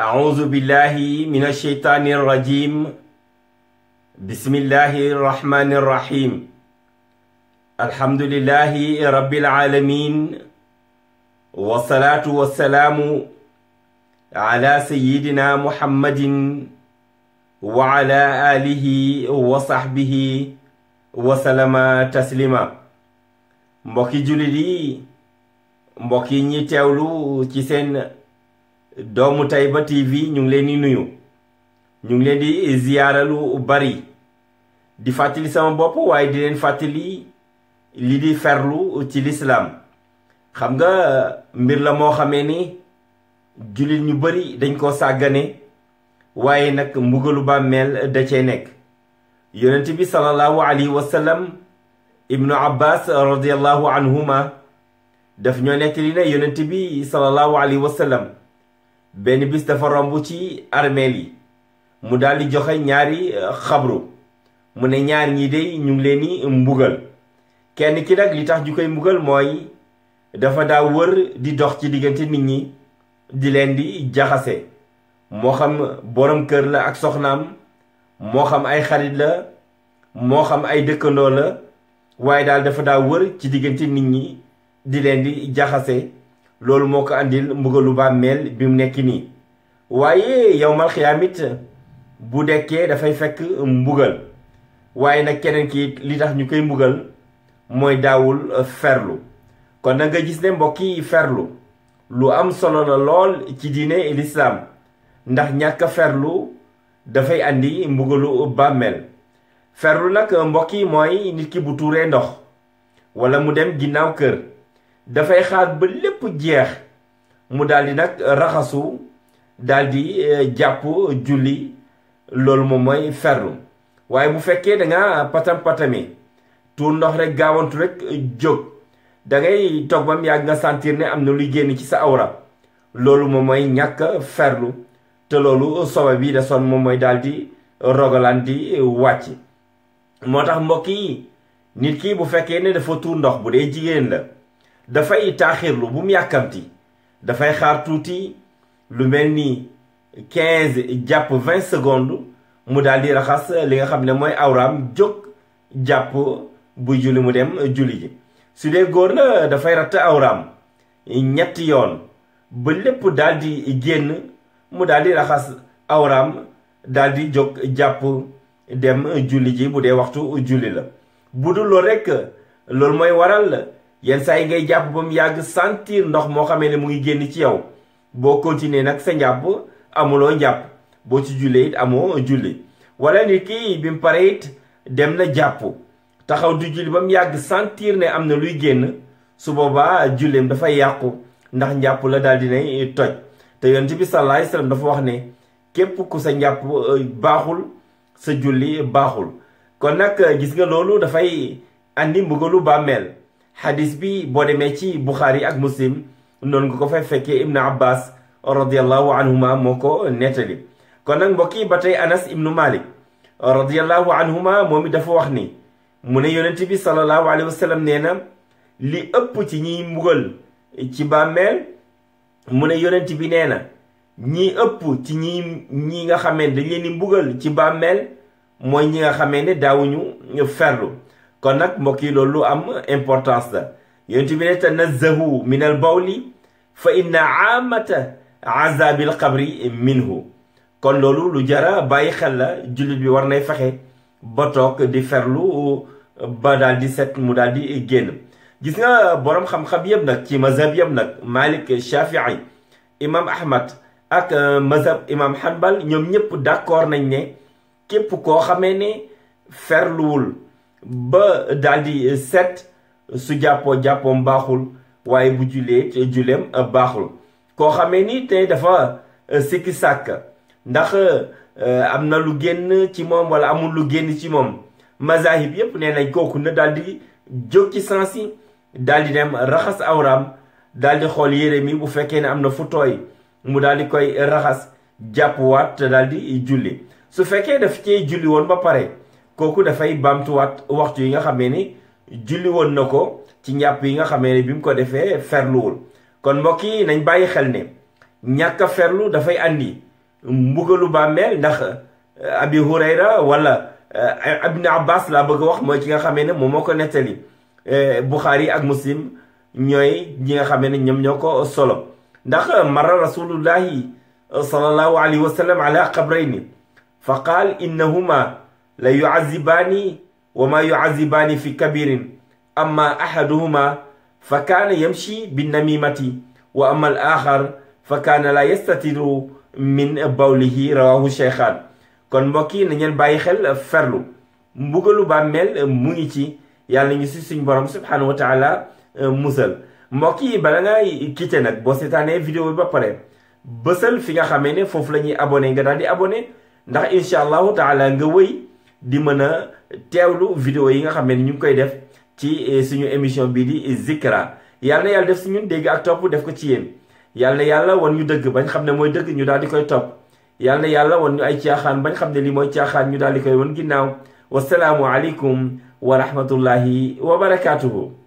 أعوذ بالله من الشيطان الرجيم بسم الله الرحمن الرحيم الحمد لله رب العالمين والصلاة والسلام على سيدنا محمد وعلى آله وصحبه وسلم تسليما mbokki jullit yi mbokki ñi teewlu ci seen doomu Tayba TV ñu ngi leen di nuyu ñu ngi leen di ziyaaralu bari di fàttali sama bopp waaye di leen fàttali li di ferlu ci lislaam xam nga mbir la moo xamee ni jullit ñu bari dañ koo sàggane waaye nag mbugalu bàmmeel da cee nekk yonent bi sallallahu alayhi wa sallam ibnu abbas radiallahu anhuma daf ñoo nettali ne yonent bi sallallahu alayhi wa benn bis dafa romb ci armeel yi mu daal di joxe ñaari euh, xabru mu ne ñaar ñi dey ñu ngi leen di mbugal kenn ki nag li tax ju koy mbugal mooy dafa daa wër di dox ci diggante nit ñi di leen di jaxase moo xam borom kër la ak soxnaam moo xam ay xarit la moo xam ay dëkkandoo la waaye daal dafa daa wër ci diggante nit ñi di leen di jaxase loolu moo ko andil mbugalu bàmmeel bi mu nekk nii waaye yowmal xiyaamit bu dekkee dafay fekk mbugal waaye nag keneen ki li tax ñu koy mbugal mooy daawul ferlu kon na nga gis ne mbokki ferlu lu am solo la lool ci diine lislaam ndax ñàkk ferlu dafay andi mbugalu bàmmeel ferlu nag mbokk yi mooy nit ki bu tuuree ndox wala mu dem ginnaaw kër dafay xaar ba lépp jeex mu daldi nag raxasu daldi di eh, jàpp julli loolu moom mooy ferlu waaye bu fekkee da nga patam-patame tuur ndox rek gaawantu rekk jóg da ngay toog bam yàgg nga santiir ne am na luy génn ci sa awra loolu moom mooy ñàkk ferlu te loolu sobe bi da son moom mooy daal di rogalaan di wàcc moo tax mbokk yi nit ki bu fekkee ne dafa tuur ndox bu dee jigéen la dafay taaxiirlu bu mu yàkkamti dafay xaar tuuti lu mel ni quinze jàpp vingt secondes mu daal di raxas li nga xam ne mooy awraam jóg jàpp bu julli mu dem julli ji su dee góor na dafay ratt awraam ñetti yoon ba lépp daal di génn mu daal di raxas awraam daal di jóg jàpp dem julli ji bu dee waxtu julli la bu dul loolu rekk loolu mooy waral yenn saa yi ngay jàpp ba mu yàgg santiir ndox moo xamee ne mu ngi génn ci yow boo continuer nag sa njàpp amuloo njàpp boo ci jullee it amoo julli wala nit ki bi mu pare it dem na jàpp taxaw du julli ba mu yàgg santiir ne am na luy génn su boobaa julleem dafay yàqu ndax njàpp la daal dinay toj te yonent bi sallallahu alayhi wasallam dafa wax ne képp ku sa njàpp euh, baaxul sa julli baaxul kon nag gis nga loolu dafay andi mbugalu bàmmeel xadis bi boo demee ci buxaari ak muslim noonu nga ko fay fekkee ibnu abbas radiallahu anhuma moo ko nettali kon nag mbokk yi ba tey anas ibnu malik radiallahu anhuma moom it dafa wax ni mu ne yonent bi sallallahu alayhi wa sallam nee na li ëpp ci ñi mbugal ci bàmmeel mu ne yonent bi nee na ñi ëpp ci ñi ñi nga xame ne dañ leen di mbugal ci bàmmeel mooy ñi nga xame ne daawuñu ferlu kon nag mbokk loolu am importance la yonent bi ne tanazzahu min al bawli fa inna aamata azabil qabri minhu kon loolu lu jara bàyyi xel la jullit bi war nay fexe ba toog di ferlu ba daal di set mu daal di génn gis nga boroom xam-xam yëpp nag ci mazhab yëpp nag Malik Shafii imam Ahmad ak euh, mazhab imam Hanbal ñoom ñëpp d'accord nañ ne képp koo xamee ne ferluwul ba daal di eh, set su jàppoo jàppoom baaxul waaye bu julee eh, juleem eh, baaxul koo xamee ni tey dafa sikki sàkk ndax am na lu génn ci moom wala amul lu génn ci moom mazahib yépp nee nañ kooku na daal di jóg ci sens yi daal di dem raxas awraam daal di xool yére mi bu fekkee ne am na fu tooy mu daal di koy raxas jàppuwaat daal di julli su fekkee daf cee julli woon ba pare kooku dafay baamtuwaat waxtu yi nga xamee ni julli woon na ko ci ñàpp yi nga xamee ni bi mu ko defee ferluwul kon mbokk yi nañ bàyyi xel ne ñàkk a ferlu dafay andi mbugalu bàmmeel ndax euh, abi hurayra wala euh, ibn abbas laa bëgg a wax mooy ki nga xamee ne moom moo ko nettali euh, buxaari ak muslim ñooy ñi nga xame ne ñoom ñoo ko solo ndax mara rasulullahi sallallahu alayhi wa sallam ala fa qaal innahuma la yuazibaani wa ma yuazibaani fi kabirin amma ahaduhuma fa kaana yamshi binnamimati wa amma al fa kaana la yastatiru min bawlihi rawahu cheikhaan kon mbokk yi nañeen bàyyi xel ferlu mbugalu bàmmeel mu ngi ci yàlla ñu si suñ borom subhaanahu wa taala euh, musal mbokk yi bala nga quitté nag boo seetaanee vidéo bi ba pare bësal fi nga xamee ne foofu la ñuy abonné nga daal di abonné ndax incha allahu taala nga wëy di mën a teewlu vidéo yi nga xam ne ñu ngi koy def ci eh, suñu émission bii di Zikra yàlla na yàlla def si ñun dégg ak topp def ko ci yéen yàlla na yàlla wan ñu dëgg bañ xam ne mooy dëgg ñu daal di koy topp yàlla na yàlla woon ñu ay caaxaan bañ xam ne lii mooy caaxaan ñu daal di koy wan ginnaaw wasalaamu aleykum wa rahmatullahi wa barakaatuhu